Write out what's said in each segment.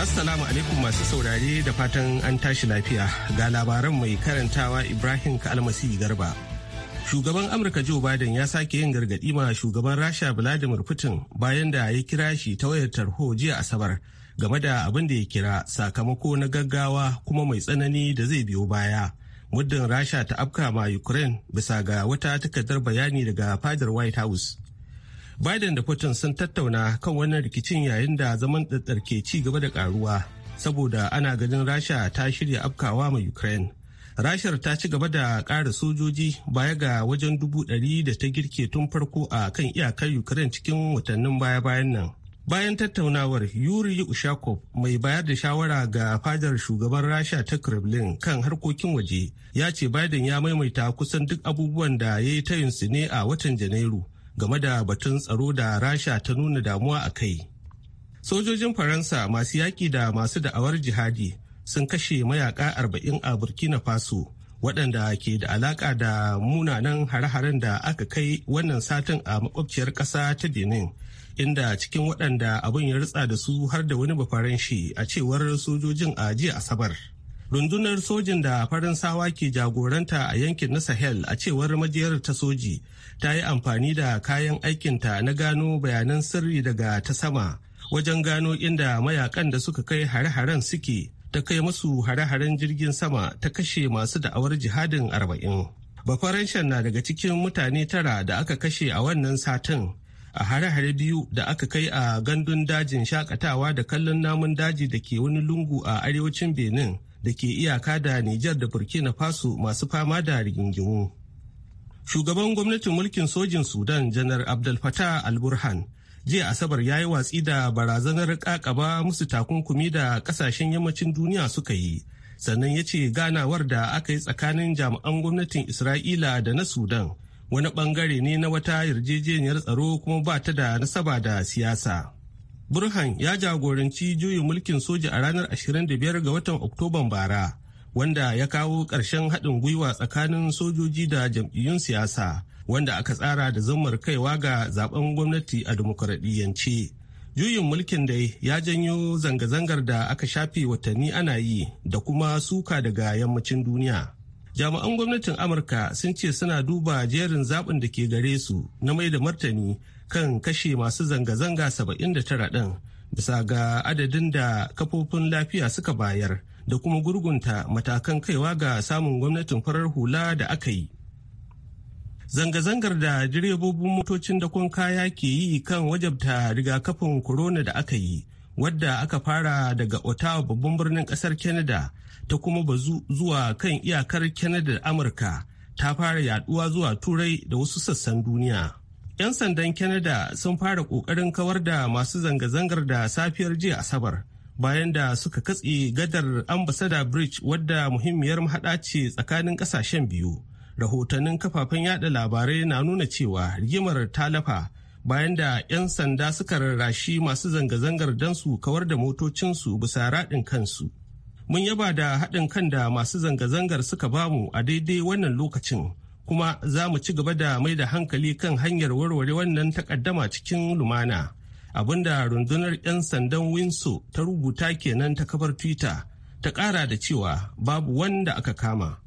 Assalamu alaikum masu saurare da fatan an tashi lafiya ga labaran mai karantawa Ibrahim Kalmasi Garba. Shugaban Amurka Joe Biden ya sake yin gargaɗi ma shugaban Rasha Vladimir Putin bayan da ya kira shi ta wayar tarho jiya Asabar game da abin da ya kira sakamako na gaggawa kuma mai tsanani da zai biyo baya. Muddin Rasha ta afka ma Ukraine bisa ga wata takardar bayani daga fadar White House. Biden da Putin sun tattauna kan wannan rikicin yayin da zaman ɗaɗɗar ke ci gaba da karuwa, saboda ana ganin Rasha ta shirya afkawa mai Ukraine. Rashar ta ci gaba da ƙara sojoji baya ga wajen dubu ɗari da ta girke tun farko a kan iyakar Ukraine cikin watannin baya-bayan nan. Bayan tattaunawar Yuri Ushakov mai bayar da shawara ga fadar shugaban Rasha ta Kremlin kan harkokin waje ya ce Biden ya maimaita kusan duk abubuwan da ya yi tayinsu ne a watan Janairu. game da batun tsaro da rasha ta nuna damuwa a kai sojojin faransa masu yaƙi da masu da'awar jihadi sun kashe mayaka arba'in a burkina faso waɗanda ke da alaƙa da munanan hare-haren da aka kai wannan satin a makwabciyar ƙasa ta benin inda cikin waɗanda abin ya rutsa da su har da wani bafaran a cewar sojojin a jiya asabar rundunar sojin da faransawa ke jagoranta a yankin na sahel a cewar majiyar ta soji ta yi amfani da kayan aikinta na gano bayanan sirri daga ta sama wajen gano inda mayakan da suka kai hare-haren suke ta kai masu hare-haren jirgin sama ta kashe masu da'awar jihadin arba'in bafaranshan na daga cikin mutane tara da aka kashe a wannan satin a hare-hare biyu da aka kai a gandun dajin shakatawa da kallon namun daji da ke wani lungu a arewacin benin da ke iyaka da Nijar da Burkina Faso masu fama da rigingimu. Shugaban gwamnatin mulkin sojin Sudan janar Abdel Fattah al-Burhan jiya Asabar ya yi watsi da barazanar kakaba musu takunkumi da kasashen yammacin duniya suka yi. Sannan ya ce ganawar da aka yi tsakanin jami'an gwamnatin Isra'ila da na Sudan wani bangare ne na wata yarjejeniyar tsaro kuma ba ta da nasaba da siyasa. burhan ya jagoranci juyin mulkin soja a ranar 25 ga watan oktoban bara wanda ya kawo ƙarshen haɗin gwiwa tsakanin sojoji da jam'iyyun siyasa wanda aka tsara da zammar kaiwa ga zaben gwamnati a dimokuraɗiyyance juyin mulkin dai ya janyo zanga-zangar da aka shafe watanni ana yi da kuma suka daga yammacin duniya jami'an gwamnatin amurka sun ce suna duba jerin zaɓin da ke gare su na mai da martani kan kashe masu zanga-zanga 79 ɗin bisa ga adadin da kafofin lafiya suka bayar da kuma gurgunta matakan kaiwa ga samun gwamnatin farar hula da aka yi. Zanga-zangar da direbobin motocin dakon kaya ke yi kan wajabta rigakafin corona da aka yi, wadda aka fara daga Ottawa babban birnin kasar Canada ta kuma bazu zuwa kan iyakar Canada da Amurka ta fara yaduwa zuwa Turai da wasu sassan duniya. 'Yan sandan Canada sun fara ƙoƙarin kawar da masu zanga-zangar da safiyar jiya Asabar bayan da suka katse gadar ambasada bridge wadda muhimmiyar mahaɗa ce tsakanin ƙasashen biyu. Rahotannin kafafen yaɗa labarai na nuna cewa rigimar ta lafa bayan da 'yan sanda suka rarrashi masu zanga-zangar don su kawar da motocinsu bisa raɗin kansu. Mun yaba da haɗin kan da masu zanga-zangar suka bamu a daidai wannan lokacin. kuma za mu ci gaba da mai da hankali kan hanyar warware wannan takaddama cikin lumana abinda rundunar 'yan sandan winso ta rubuta kenan ta kafar twitter ta kara da cewa babu wanda aka kama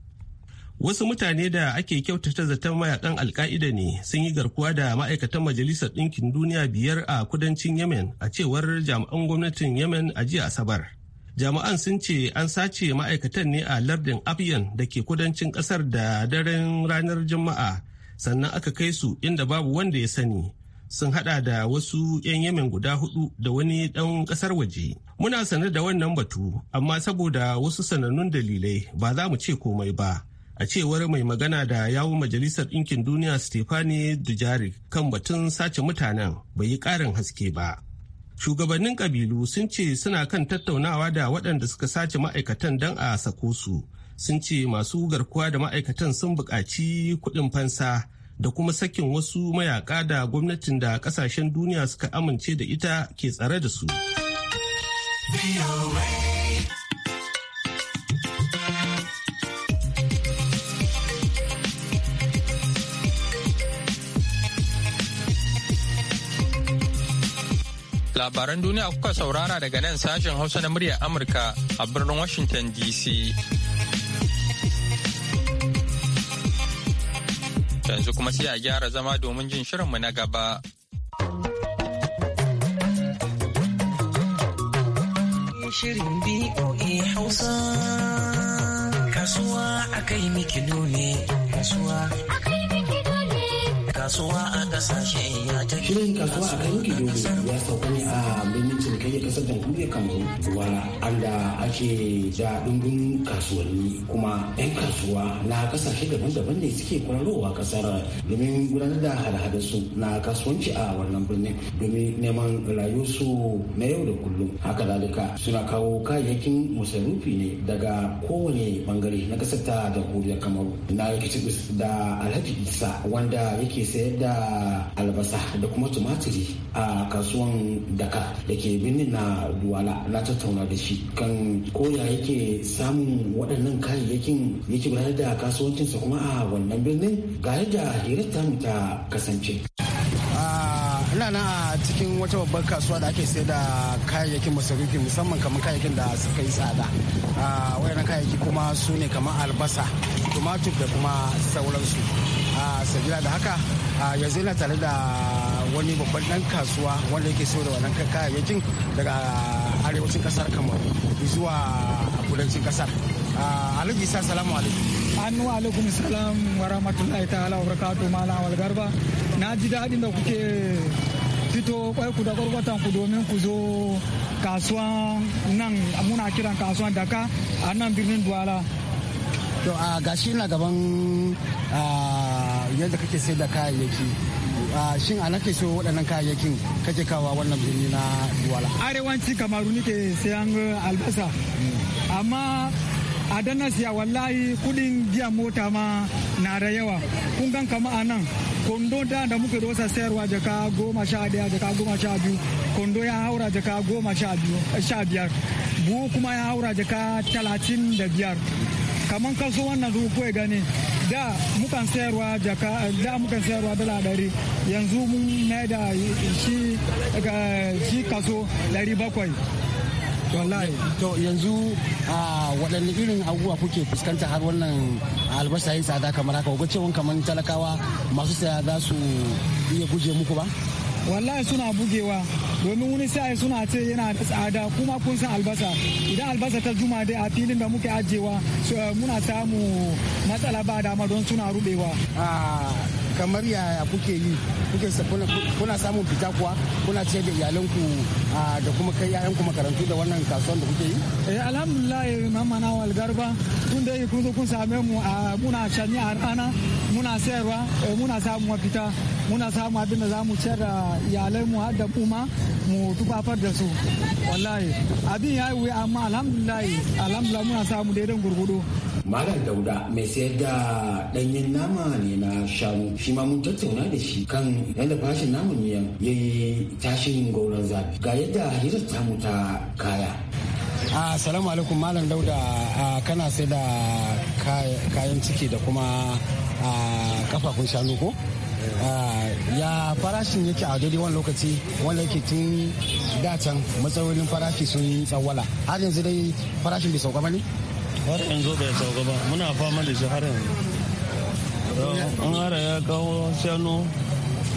wasu mutane da ake kyautata zaton mayakan alka'ida ne sun yi garkuwa da ma'aikatan majalisar ɗinkin duniya biyar a kudancin yemen a cewar jami'an gwamnatin yemen a jiya asabar jami'an sun ce an sace ma'aikatan ne a lardin afyan da ke kudancin kasar da daren ranar juma'a sannan aka kai su inda babu wanda ya sani sun hada da wasu 'yan yamin guda hudu da wani dan kasar waje muna sanar da wannan batu amma saboda wasu sanannun dalilai ba za mu ce komai ba a cewar mai magana da yawun majalisar ɗinkin duniya stefani dujari kan batun sace mutanen bai yi ƙarin haske ba shugabannin kabilu sun ce suna kan tattaunawa da waɗanda suka sace ma'aikatan don a sako su sun ce masu garkuwa da ma'aikatan sun buƙaci kuɗin fansa da kuma sakin wasu mayaƙa da gwamnatin da ƙasashen duniya suka amince da ita ke tsare da su. Labaran duniya kuka saurara daga nan sashen Hausa na muryar Amurka a birnin Washington DC. Yanzu kuma sai a gyara zama domin jin shirinmu na gaba. Shirin BOA Hausa kasuwa akai miki kasuwa kasuwa a kasashe ya tafi. Shirin kasuwa a kan kido ya sauka ne a birnin cinikayya kasar jamhuriyar Kamaru wala anda ake ja dungun kasuwanni kuma 'yan kasuwa na kasashe daban-daban ne suke kwararowa kasar domin gudanar da hada su na kasuwanci a wannan birnin domin neman rayuwarsu na yau da kullum. Haka zalika suna kawo kayayyakin musarufi ne daga kowane bangare na kasar ta jamhuriyar Kamaru. Na yake da Alhaji Isa wanda yake sayar da albasa da kuma tumatiri a kasuwan daka da ke birnin na duwala na tattauna da shi kan koya yake samun waɗannan kayayyakin yake gudanar da kasuwancinsa kuma a wannan birnin ga yadda hirar ta kasance. Ah, ina nan a cikin wata babbar kasuwa da ake sayar da kayayyakin masarufi musamman kamar kayayyakin da suka yi tsada ah, wayannan kayayyaki kuma su ne kamar albasa tumatur da kuma sauransu sabila da haka yanzu yana tare da wani babban dan kasuwa wanda yake so da wannan kayayyakin daga arewacin kasar kamar zuwa kudancin kasar alhaji isa salamu alaikum annu alaikum salam wa rahmatullahi ta'ala wa barakatuh malam awal garba na ji daɗin da kuke fito kwai ku da gwargwatan ku domin ku zo kasuwan nan muna kiran kasuwan daka a nan birnin duwala to a gashi na gaban yadda kake sai da kayayyaki shin a nake so waɗannan kayayyakin kake kawa wannan birni na duwala arewanci kamaru nike sayan albasa amma a dana siya wallahi kudin giya mota ma na da yawa kun gan kama a nan kondo da da muke dosa sayarwa jaka goma sha daya jaka goma sha biyu kondo ya haura jaka goma sha biyar buhu kuma ya haura jaka talatin da biyar kaman kaso wannan zuwa kawai gane. da mukan sayarwa jaka da mukan sayarwa dala ɗari yanzu mun mai da shi eh, shi kaso ɗari bakwai wallahi to yanzu a ah, waɗanne irin abubuwa kuke fuskanta har wannan albasa yin tsada kamar haka ga cewa kamar talakawa masu saya za su iya guje muku ba wallahi suna bugewa domin wani sai suna ce yana tsada kuma kun san albasa idan albasa ta juma dai a filin da muke ajewa eh, muna samu matsala ba dama don suna rubewa ah. kamar yaya kuke yi kuke kuna samun fita kuwa kuna ce da iyalanku da kuma kai yayanku makarantu da wannan kasuwan da kuke yi eh alhamdulillah mama wal tun da kun zo kun same mu muna shani a rana muna sayarwa eh, muna samu fita muna samu abin da zamu ciyar da iyalai mu har da kuma mu tufafar da su wallahi abin yayi wuya amma alhamdulillah alhamdulillah muna samu daidan gurgudu Malam Dauda mai sayar da ɗanyen nama ne na shanu shi ma mun tattauna da shi kan yadda farashin naman miyan ya yi tashin gauran zafi ga yadda hirar ta ta kaya. Ah, assalamu alaikum Malam Dauda ah, kana sai da kayan ciki da kuma ah, kafafun shanu ko? Eh. ya farashin yake a daidai wani lokaci wanda yake tun dacan matsalolin farashi sun tsawala har yanzu dai farashin bai sauka ba ne? har yanzu bai sauka ba muna fama da shi har yanzu an hara ya kawo shanu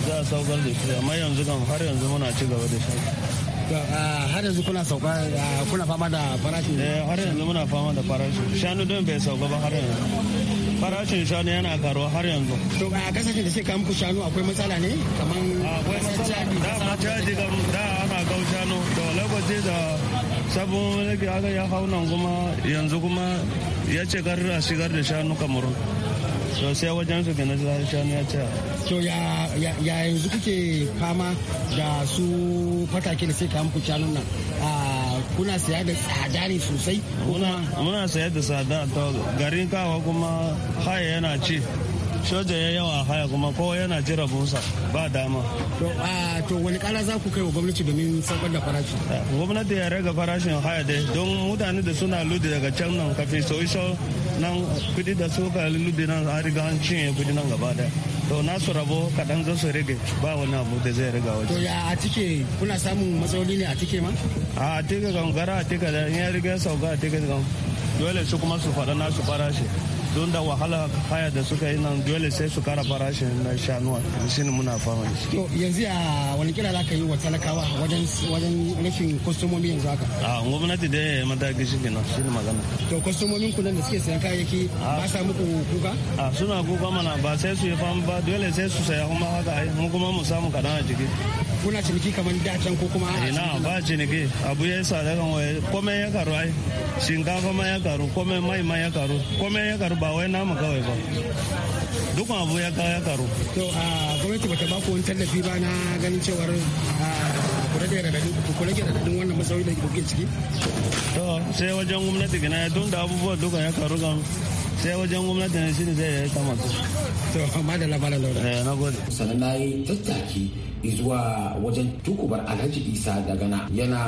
za a saukar da shi amma yanzu kan har yanzu muna ci gaba da shi har yanzu kuna sauka kuna fama da farashin eh, har yanzu muna fama da farashin shanu don bai sauka ba har yanzu farashin shanu yana karuwa har yanzu. To a kasashen da suka muku shanu akwai matsala ne? kamar akwai matsala da da ana kawo shanu da lokaci da sabon rage aka ya hau nan kuma yanzu kuma ya ce kar a shigar da shanu kamaru to sai wajen su gina shanu ya ce to ya yanzu kuke fama da su fatake da sai kamun ku shanun nan kuna saya da tsada ne sosai muna saya da tsada to garin kawa kuma haya yana ci soja ya yawa haya kuma kowa yana jira busa ba dama to a to wani kara za ku kai wa gwamnati domin saukar da farashi eh, gwamnati ya rage farashin haya dai don mutane da suna ludi daga can nan kafin so iso nan kudi da suka ludi nan a riga an cinye kudi nan gaba daya to nasu rabo kaɗan za su rage ba wani abu da zai riga waje. to ya a tike kuna samun matsaloli ne a tike ma? a tike kan gara a tike da in ya riga sauka a tike kan dole su kuma su faɗa nasu farashi. don da wahala haya da suka yi nan dole sai su kara farashin na shanuwa shi ne muna fama shi. yanzu a wani kira za ka yi wa talakawa wajen wajen rashin kwastomomi yanzu haka a gwamnati da mata gishi kenan shi ne magana to kwastomomin ku nan da suke sayan kayayyaki ba sa muku kuka a suna kuka mana ba sai su yi fama ba dole sai su saya kuma haka ai mu kuma mu samu kaɗan a jiki kuna ciniki kamar dacen ko kuma a ina ba ciniki abu ya sa da kan waye kome ya karu ai shinkafa ma ya karu kome mai ma ya karu kome ya karu ba wai namu kawai ba dukkan abu ya kawo ya karu to a gwamnati bata ba ku wani tallafi ba na ganin cewar ku rage radadin wannan masauki da kuke ciki to sai wajen gwamnati gina ya da abubuwa duka ya karu kan sai wajen gwamnati ne shine zai ya kama to amma da labarin da eh, na gode sannan na yi tattaki zuwa wajen tukubar alhaji isa da gana yana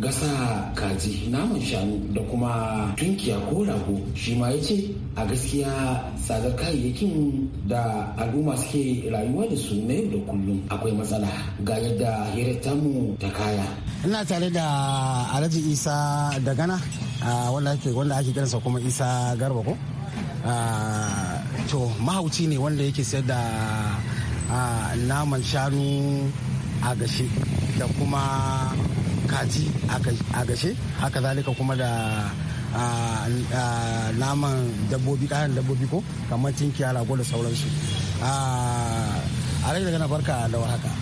gasa kaji naman shanu da kuma tunkiya ko rago shi ma ya ce a gaskiya tsadar kayayyakin da al'umma suke rayuwa da su na yau da kullum akwai matsala ga yadda hirarta tamu ta kaya ina tare da alhaji isa da gana wanda ake wanda ake kuma isa garba ko to mahauci ne wanda yake sayar da a naman shanu a gashe da kuma kaji a gashe haka zalika kuma da naman dabbobi kayan dabbobi ko kamar tinkiya rago da sauransu a rai daga na barka da haka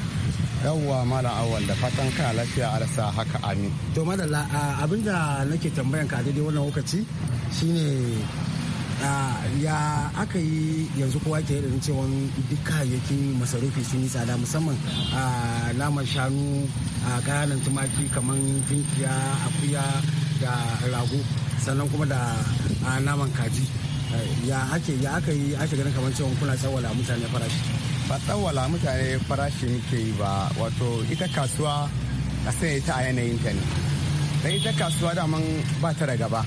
yawwa mara awal da fatan ka lafiya arsa haka amin to madalla abinda nake tambayan ka daidai wannan lokaci shine Ah, ya aka yi yanzu kowa ke da cewa duk kayayyakin masarufi sun yi tsada musamman a ah, lamar shanu a ah, kayanan tumaki kamar finkiya akuya da rago sannan kuma da naman kaji eh, ya ake ya aka yi ake ganin kamar cewa kuna tsawala mutane farashi ba tsawala mutane farashi muke yi ba wato ita kasuwa a sai ta a yanayin ta ne dan ita kasuwa daman ba ta da gaba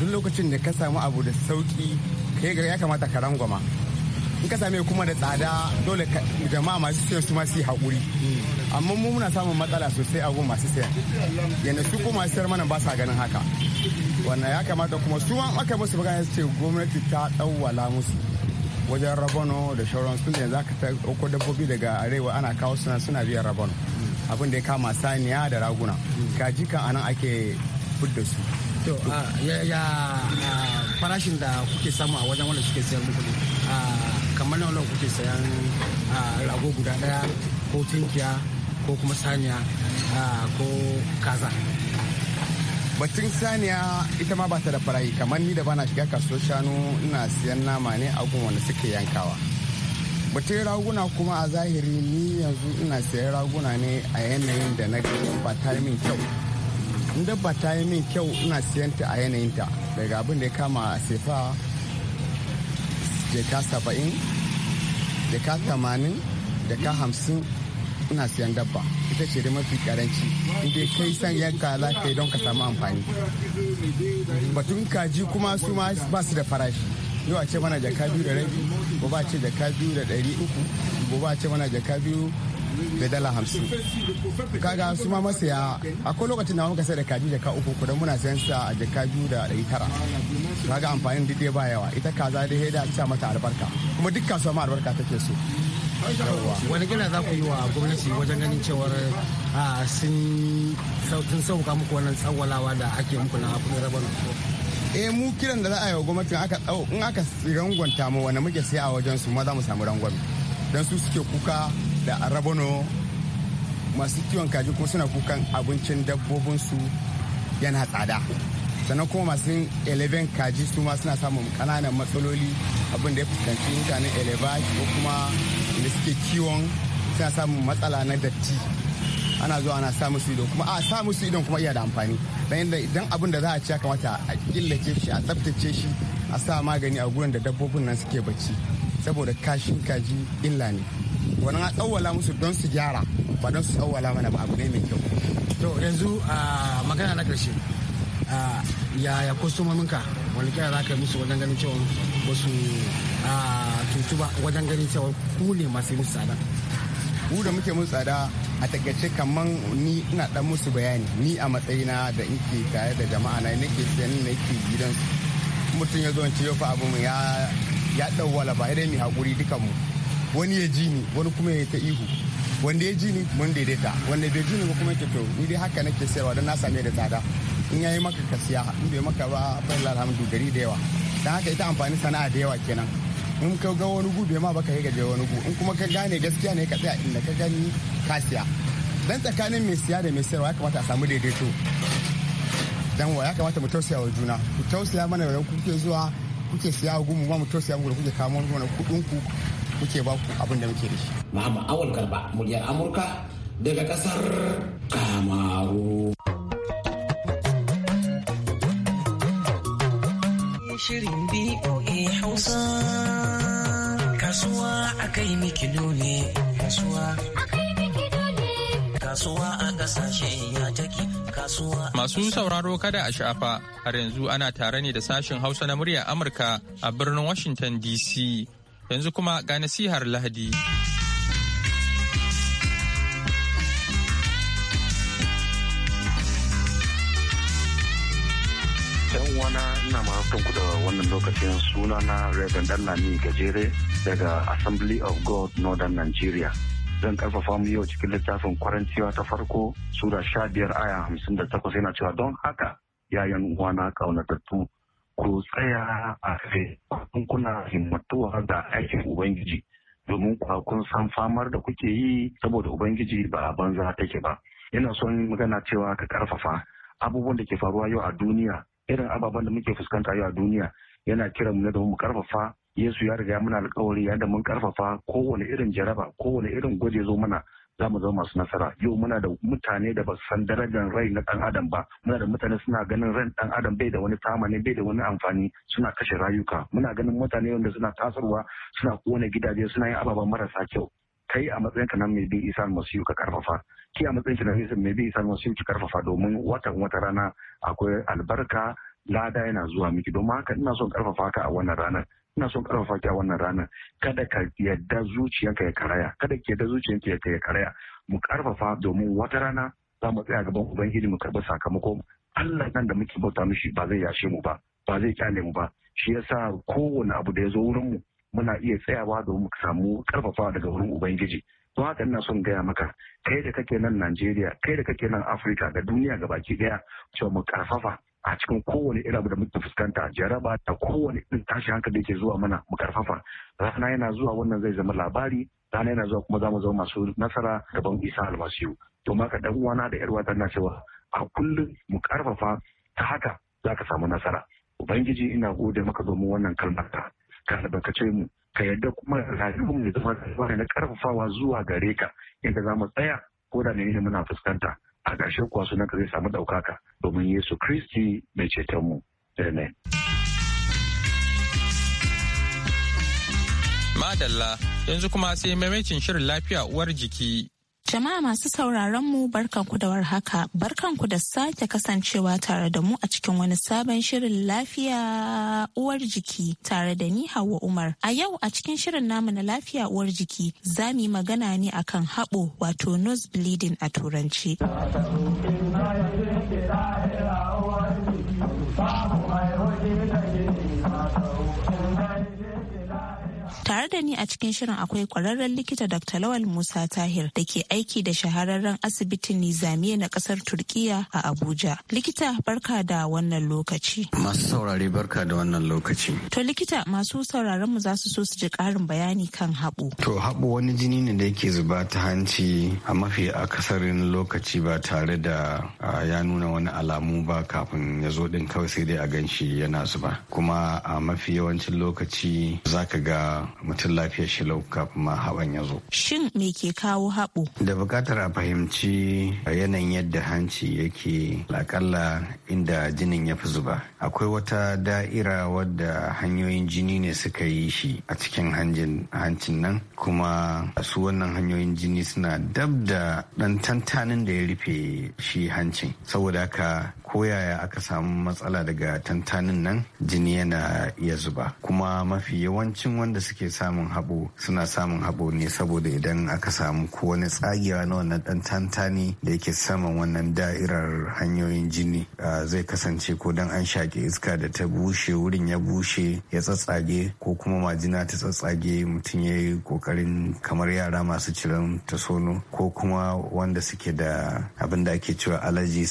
duk lokacin da ka samu abu da sauki kai ga ya kamata ka rangwama in ka same kuma da tsada dole jama'a masu sayan su masu yi haƙuri amma mu muna samun matsala sosai a gun masu sayan yana su kuma masu sayar mana ba sa ganin haka wannan ya kamata kuma su ma aka musu baka su ce gwamnati ta tsawwala musu wajen rabono da shauran sun yanzu aka ta dabbobi daga arewa ana kawo suna suna biyan rabono abin da ya kama saniya da raguna kaji kan anan ake fudda su to farashin da kuke samu a wajen wanda suke sayar muku ne kamar nawa kuke sayan rago guda daya ko tunkiya ko kuma saniya ko kaza batun saniya ita ma ba da farayi kamar ni da bana shiga kasuwar shanu ina siyan nama ne a wanda suke yankawa batun raguna kuma a zahiri ni yanzu ina siyan raguna ne a yanayin da na ba ta min kyau dabba ta yi min kyau ina siyanta a yanayinta daga abin da ya kama sefa jeka saba'in jeka tamanin jeka hamsin ina siyan dabba ita ce da mafi karanci inda kai san yanka za ka yi don ka samu amfani batun kaji kuma su ma ba su da farashi yau a ce mana jaka biyu da rabi ba ba ce jaka biyu da ɗari uku ba ba ce mana jaka biyu da dala hamsin kaga su ma masaya akwai lokacin da muka sai da kaji jaka uku kudan muna sayan sa a jaka biyu da ɗari tara kaga amfanin duk ba yawa ita kaza da heda ta mata albarka kuma duk kasuwa ma albarka take so wani gina za ku yi wa gwamnati wajen ganin cewar sun sautin sauka muku wannan tsawalawa da ake muku na kudin rabon eh mu kiran da za a yi wa gwamnati in aka rangwanta mu wanda muke siya a wajen su ma za mu samu rangwami don su suke kuka da arabono masu kiwon kaji kuma suna kukan abincin dabbobinsu yana tsada sannan kuma masu eleven kaji su ma suna samun kananan matsaloli abin da ya fuskanci mutanen eleva ko kuma da suke kiwon suna samun matsala na datti ana zuwa ana samun su idon kuma a samun su idon kuma iya da amfani dan idan abin da za a ci ya kamata a killace shi a tsaftace shi a sa magani a gurin da dabbobin nan suke bacci saboda kashin kaji illa ne wani a tsawwala musu don su gyara ba don su tsawwala mana ba abu ne mai kyau to yanzu magana na karshe yaya kwastomominka wani kira za ka yi musu wajen ganin cewa ba su tutu ba wajen ganin cewa ku ne masu musu tsada ku da muke musu tsada a takaice kamar ni ina dan musu bayani ni a matsayina da ke tare da jama'a na nake sayan nake gidan mutum ya zo ce yau fa abu ya ya dawwala ba dai mu hakuri dukan mu wani ya ji ni wani kuma ya ta ihu wanda ya ji ni mun daidaita wanda bai ji ni kuma ke to ni dai haka nake sayarwa don na same da tsada in yayi maka kasiya in bai maka ba falla alhamdu gari da yawa dan haka ita amfani sana'a da yawa kenan in ka ga wani gu bai ma baka yi gaje wani gu in kuma ka gane gaskiya ne ka tsaya inda ka gani kasiya dan tsakanin mai siya da mai sayarwa ya kamata a samu daidaito dan wa ya kamata mu tausaya wa juna ku tausaya mana da kuke zuwa kuke siya gumu ma mu tausaya muku da kuke kamo mana kudin ku kuke ba ku abin da muke da shi. Muhammad Awal Garba, muryar Amurka daga kasar Kamaru. Shirin BOA Hausa kasuwa a kai miki dole kasuwa. Masu sauraro kada a sha'afa har yanzu ana tare ne da sashen Hausa na murya Amurka a birnin Washington DC. yanzu kuma ga nasihar lahadi. yan uwana ina mahaifin ku da wannan lokacin suna na Reverend Dallami Gajere daga Assembly of God Northern Nigeria. Zan karfafa mu yau cikin littafin kwarantiyar ta farko Sura sha biyar aya hamsin da takwas yana cewa don haka yayan uwana kaunatattu ku tsaya a kai kuna himmatuwa da aikin ubangiji domin kun san famar da kuke yi saboda ubangiji ba a banza take ba Ina son magana cewa ka karfafa abubuwan da ke faruwa yau a duniya irin ababen da muke fuskanta yau a duniya yana kira mu da mu karfafa yesu ya riga muna alkawari ya da mun karfafa kowane irin jaraba kowane irin gwaje zo mana za mu zama masu nasara yau muna da mutane da ba su san darajar rai na dan adam ba muna da mutane suna ganin ran dan adam bai da wani tamani bai da wani amfani suna kashe rayuka muna ganin mutane wanda suna tasarwa suna kona gidaje suna yin ababen marasa kyau kai a matsayin ka nan mai bi isa masu ka karfafa ki a matsayin ki na mai bi isa masu ki karfafa domin watan wata rana akwai albarka lada yana zuwa miki don haka ina son karfafa ka a wannan ranar ina son karfafa ki a wannan ranar kada ka yadda zuciyanka ya karaya kada ki yadda zuciyanka ya karaya mu karfafa domin wata rana za mu tsaya gaban ubangiji mu karɓi sakamako Allah nan da muke bauta mishi ba zai yashe mu ba ba zai kyale mu ba shi yasa kowane abu da ya zo wurin mu muna iya tsayawa domin mu samu karfafawa daga wurin ubangiji to haka ina son gaya maka kai da kake nan Najeriya kai da kake nan Afirka da duniya ga baki daya cewa mu karfafa a cikin kowane irin abu da muke fuskanta jaraba da kowane irin tashi hankali yake zuwa mana mu karfafa rana yana zuwa wannan zai zama labari rana yana zuwa kuma zamu zama masu nasara gaban isa almasiyu to ka dan uwana da yar uwata na cewa a kullum mu karfafa ta haka za ka samu nasara ubangiji ina gode maka domin wannan kalmar ta ka albarkace mu ka yarda kuma rayuwar mu zama na karfafawa zuwa gare ka Inda zamu tsaya ko da ne muna fuskanta a ƙarshen kuwa sunanka zai samu ɗaukaka domin Yesu Kristi mai cetonmu. Amen. Madalla yanzu kuma sai maimacin shirin lafiya uwar jiki. Jama'a masu sauraron mu barkanku da warhaka, barkanku da sake kasancewa tare da mu a cikin wani sabon shirin lafiya uwar jiki tare da ni Hauwa Umar. A yau a cikin shirin namu na lafiya uwar jiki za mu yi magana ne akan haɓo wato nose bleeding a turanci. Tare da ni a cikin shirin akwai kwararren likita Dr. Lawal Musa Tahir da ke aiki da shahararren asibitin Nizamiya na kasar Turkiya a Abuja. Likita barka da wannan lokaci. Masu saurare barka da wannan lokaci. To likita masu sauraron mu za su so su ji karin bayani kan haɓo. To haɓo wani jini ne da yake zuba ta hanci a mafi akasarin lokaci ba tare da ya nuna wani alamu ba kafin ya zo din kawai sai dai a gan shi yana zuba. Kuma a mafi yawancin lokaci za ka ga mutum lafiyar shi lau kafin ma haban ya zo. Shin me ke kawo haɓo? Da buƙatar a fahimci yanayin yadda hanci yake laƙalla inda jinin ya fi zuba. Akwai wata da'ira wadda hanyoyin jini ne suka yi shi a cikin hancin nan kuma su wannan hanyoyin jini suna dab da ɗan tantanin da ya rufe shi hancin. Saboda haka koyaya aka samu matsala daga tantanin nan jini yana iya zuba. Kuma mafi yawancin wanda suke samun haɓo suna samun haɓo ne saboda idan aka samu ko wani tsagewa na wannan ɗan tantani da yake saman wannan da'irar hanyoyin jini zai kasance ko dan an shaƙi iska da ta bushe wurin ya bushe ya tsatsage ko kuma majina ta tsatsage mutum ya yi ƙoƙarin kamar yara masu ciran ta sono ko kuma wanda suke da abin da ake cewa alaji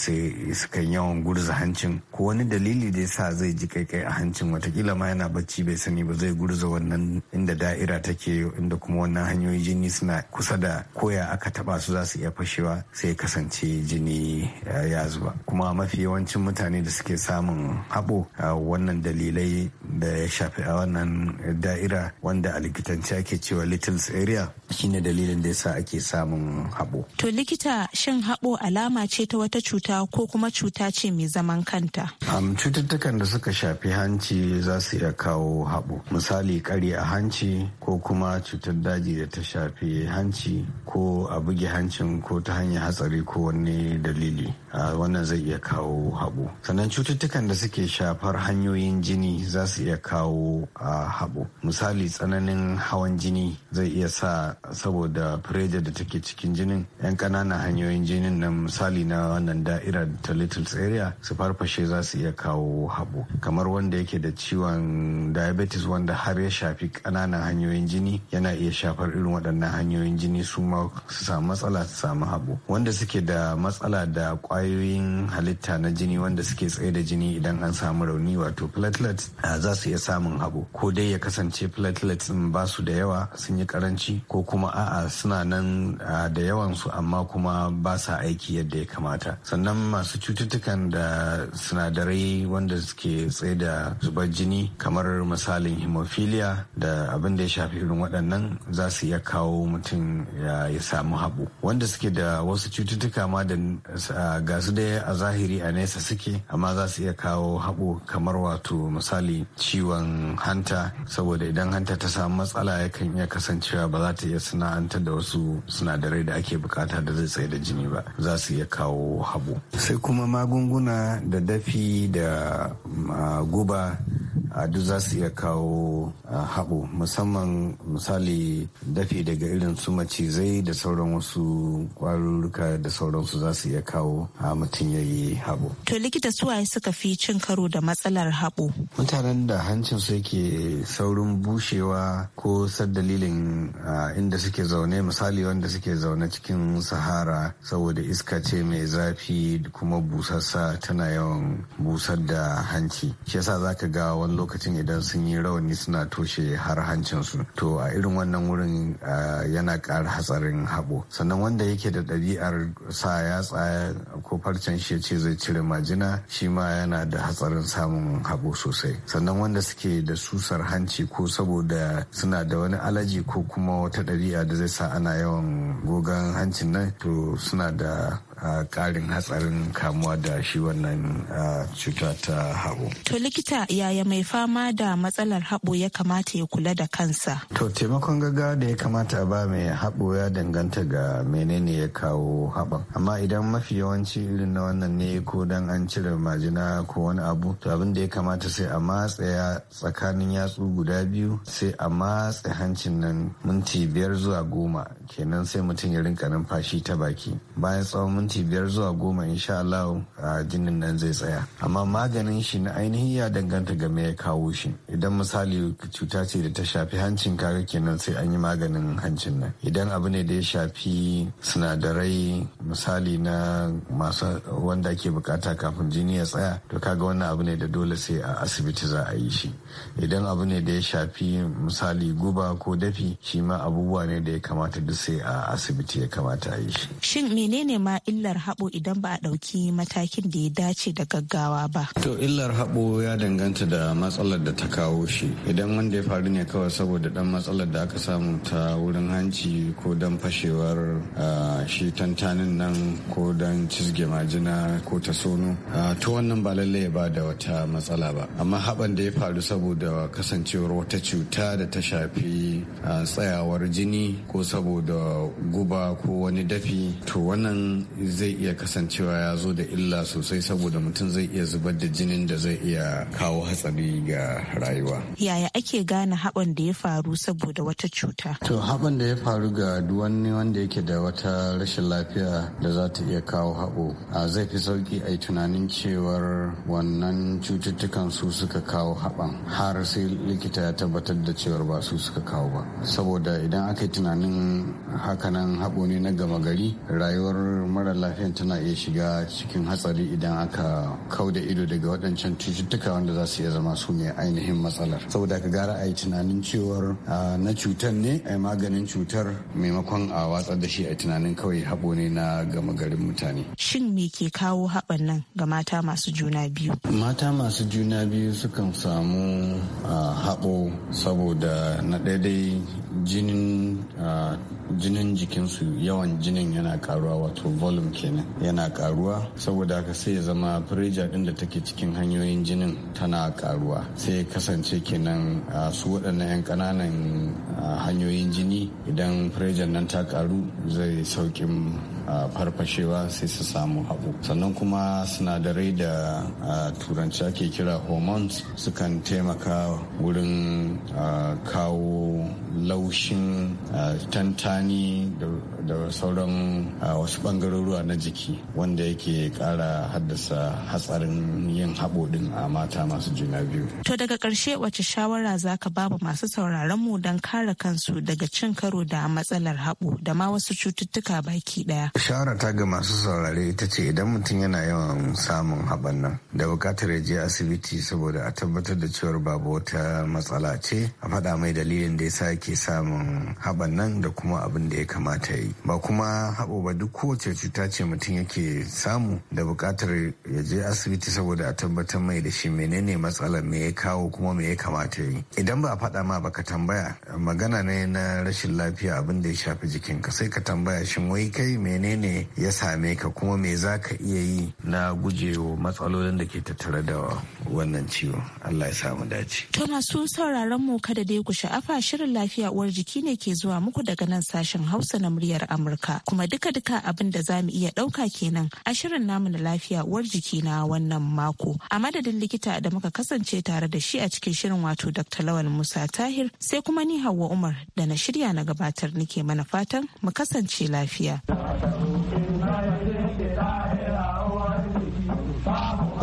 sukan yawan gurza hancin ko wani dalili da sa zai ji kaikai a hancin watakila ma yana bacci bai sani ba zai gurza wannan inda da da'ira take inda kuma wannan hanyoyi jini suna kusa da koya aka taba su za su iya fashewa sai kasance jini ya zuba kuma mafi yawancin mutane da suke samun haɓo a wannan dalilai da ya shafi a wannan da'ira wanda a likitance ake cewa littles area shine dalilin da yasa ake samun haɓo to likita shin haɓo alama ce ta wata cuta ko kuma cuta ce mai zaman kanta cututtukan da suka shafi hanci za su iya kawo haɓo misali kari a hanci hanci ko kuma cutar daji da ta shafi hanci ko a buge hancin ko ta hanyar hatsari ko wani dalili wannan zai iya kawo haɓo sannan cututtukan da suke shafar hanyoyin jini za su iya kawo a haɓo misali tsananin hawan jini zai iya sa saboda fureja da take cikin jinin yan kananan hanyoyin jinin na misali na wannan da'ira ta little area su farfashe za su iya kawo haɓo kamar wanda yake da ciwon diabetes wanda har ya shafi kananan hanyoyin jini yana iya shafar irin waɗannan hanyoyin jini su ma su samu matsala su samu haɓo wanda suke da matsala da ƙwayar kwayoyin halitta na jini wanda suke tsaye da jini idan an samu rauni wato platelets ah, za su iya samun abu ko dai ya kasance platelets in ba su da yawa sun yi karanci ko kuma a'a suna nan ah, da yawan su amma kuma ba sa aiki yadda ya kamata sannan masu cututtukan da sinadarai wanda suke tsaye da zubar jini kamar misalin hemophilia da abin da ya shafi irin waɗannan za su iya kawo mutum ya samu habu wanda suke da wasu cututtuka ma da ah, ga su a zahiri a nesa suke amma za su iya kawo haɓo kamar wato misali ciwon hanta saboda idan hanta ta samu matsala yakan iya kasancewa ba za ta iya sana'anta da wasu sinadarai da ake bukata da zai tsaye da jini ba za su iya kawo haɓo sai kuma magunguna da dafi da guba a duk za su iya kawo haɓo musamman misali dafi daga irin su macizai da sauran wasu kwarurruka da sauransu za su iya kawo mutum ya yi haɓo. To likita suwaye suka fi cin karo da matsalar haɓo? Mutanen da hancin su yake saurin bushewa ko sad dalilin inda suke zaune misali wanda suke zaune cikin sahara saboda iska ce mai zafi kuma busassa tana yawan busar da hanci. Shi yasa za ka ga wani lokacin idan sun yi rawani suna toshe har hancin su To a irin wannan wurin yana ƙara hatsarin haɓo. Sannan wanda yake da ɗabi'ar sa yatsa ko ko farcen shi ce zai cire majina shi ma yana da hatsarin samun haɓo sosai sannan wanda suke da susar hanci ko saboda suna da wani alaji ko kuma wata ɗari'a da zai sa ana yawan gogan hancin nan to suna da karin hatsarin kamuwa da shi wannan cuta ta haɓo. To likita yaya mai fama da matsalar haɓo ya kamata ya kula da kansa? To taimakon gaggawa da ya kamata ba mai haɓo ya danganta ga menene ya kawo haɓan. Amma idan mafi yawanci irin na wannan ne ko dan an cire majina ko wani abu to abin da ya kamata sai a matse tsakanin yatsu guda biyu sai a matse hancin nan minti biyar zuwa goma kenan sai mutum ya rinka numfashi ta baki bayan tsawon minti minti biyar zuwa goma insha Allah jinin nan zai tsaya amma maganin shi na ainihin ya danganta game ya kawo shi idan misali cuta ce da ta shafi hancin kaga kenan sai an yi maganin hancin nan idan abu ne da ya shafi sinadarai misali na masu wanda ke bukata kafin jini ya tsaya to kaga wannan abu ne da dole sai a asibiti za a yi shi idan abu ne da ya shafi misali guba ko dafi shi ma abubuwa ne da ya kamata duk sai a asibiti ya kamata a yi shi shin menene ma illa illar haɓo idan ba a ɗauki matakin da ya dace da gaggawa ba. To illar haɓo ya danganta da matsalar da ta kawo shi. Idan wanda ya faru ne kawai saboda ɗan matsalar da aka samu ta wurin hanci ko don fashewar shi tantanin nan ko don cizge majina ko ta sono. To wannan ba lalle ya ba da wata matsala ba. Amma haɓan da ya faru saboda kasancewar wata cuta da ta shafi tsayawar jini ko saboda guba ko wani dafi to wannan zai iya kasancewa ya zo da illa sosai saboda mutum zai iya zubar da jinin da zai iya kawo hatsari ga rayuwa. Yaya ake gane haɓan da ya faru saboda wata cuta? To haɓan da ya faru ga duwani wanda yake da wata rashin lafiya da za ta iya kawo haɓo. A zai fi sauƙi a yi tunanin cewar wannan cututtukan su suka kawo haɓan har sai likita ya tabbatar da cewar ba su suka kawo ba. Saboda idan aka yi tunanin hakanan haɓo ne na gama gari rayuwar mara mara lafiyan tana iya shiga cikin hatsari idan aka kau da ido daga waɗancan cututtuka wanda za su iya zama su ne ainihin matsalar saboda ka gara a yi tunanin cewar na cutar ne a maganin cutar maimakon a watsar da shi a tunanin kawai haɓo ne na gama garin mutane shin me ke kawo haɓan nan ga mata masu juna biyu mata masu juna biyu sukan samu haɓo saboda na daidai jinin jikinsu yawan jinin yana karuwa wato volume jinin kenan yana karuwa saboda haka sai ya zama firija ɗin da take cikin hanyoyin jinin tana karuwa sai ya kasance kenan su waɗannan 'yan ƙananan hanyoyin jini idan firijan nan ta karu zai saukin. farfashewa sai su samu haɓu sannan kuma sinadarai da turanci ake kira hormones sukan taimaka wurin kawo laushin tantani da sauran wasu ɓangarorwa na jiki wanda yake ƙara haddasa hatsarin yin haɓoɗin a mata masu juna biyu. To daga ƙarshe wace shawara zaka ka babu masu sauraron mu don kare kansu daga cin karo da matsalar haɓo da ma wasu cututtuka baki ɗaya? shawara ta ga masu saurare ita ce idan mutum yana yawan samun haɓan nan da bukatar ya je asibiti saboda a tabbatar da cewar babu wata matsala ce a faɗa mai dalilin da ya sa ke samun haɓan nan da kuma abin da ya kamata yi ba kuma haɓo ba duk kowace cuta ce mutum yake samu da bukatar ya je asibiti saboda a tabbatar mai da shi menene matsalar me ya kawo kuma me ya kamata yi idan ba a faɗa ma ba ka tambaya magana ne na rashin lafiya abin da ya shafi jikinka sai ka tambaya shin wai kai menene menene ya same ka kuma me za ka iya yi na gujewa matsalolin da ke tattare da wannan ciwo allah ya samu dace to masu sauraron mu kada dai ku sha'afa shirin lafiya uwar jiki ne ke zuwa muku daga nan sashen hausa na muryar amurka kuma duka-duka abin da za mu iya ɗauka kenan a shirin namu na lafiya uwar jiki na wannan mako a madadin likita da muka kasance tare da shi a cikin shirin wato dr lawal musa tahir sai kuma ni hawa umar da na shirya na gabatar nike mana fatan mu kasance lafiya.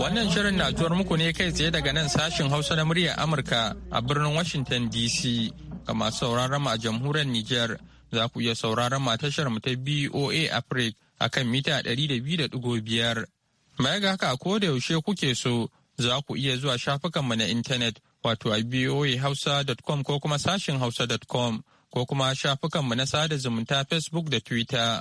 Wannan shirin na zuwar muku ne kai tsaye daga nan sashin Hausa na muryar Amurka a birnin Washington DC ga masu sauraron a jamhuriyar Nijar za ku iya sauraron mu tashar mu ta BOA Africa a kan mita 200.5. Baya ga haka ko da yaushe kuke so za ku iya zuwa shafukanmu na intanet wato a boahausa.com ko kuma sashin hausa.com ko kuma shafukanmu na sada zumunta Facebook da Twitter.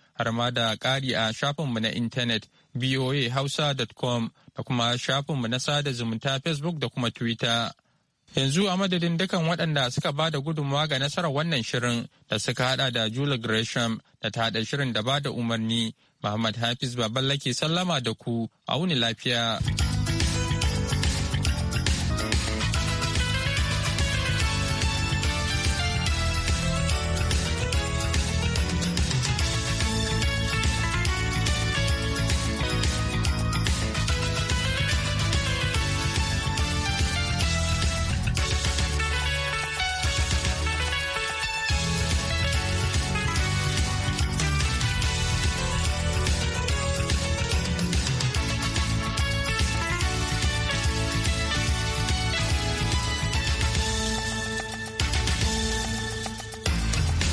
har ma da ƙari a shafinmu na intanet voahausa.com da kuma shafinmu na sada zumunta facebook da kuma twitter. Yanzu a madadin dukan waɗanda suka ba da gudunmawa ga nasarar wannan shirin da suka haɗa da Julie Gresham da ta haɗa shirin da ba da umarni, Muhammad Hafiz Baballake sallama da ku, auni lafiya.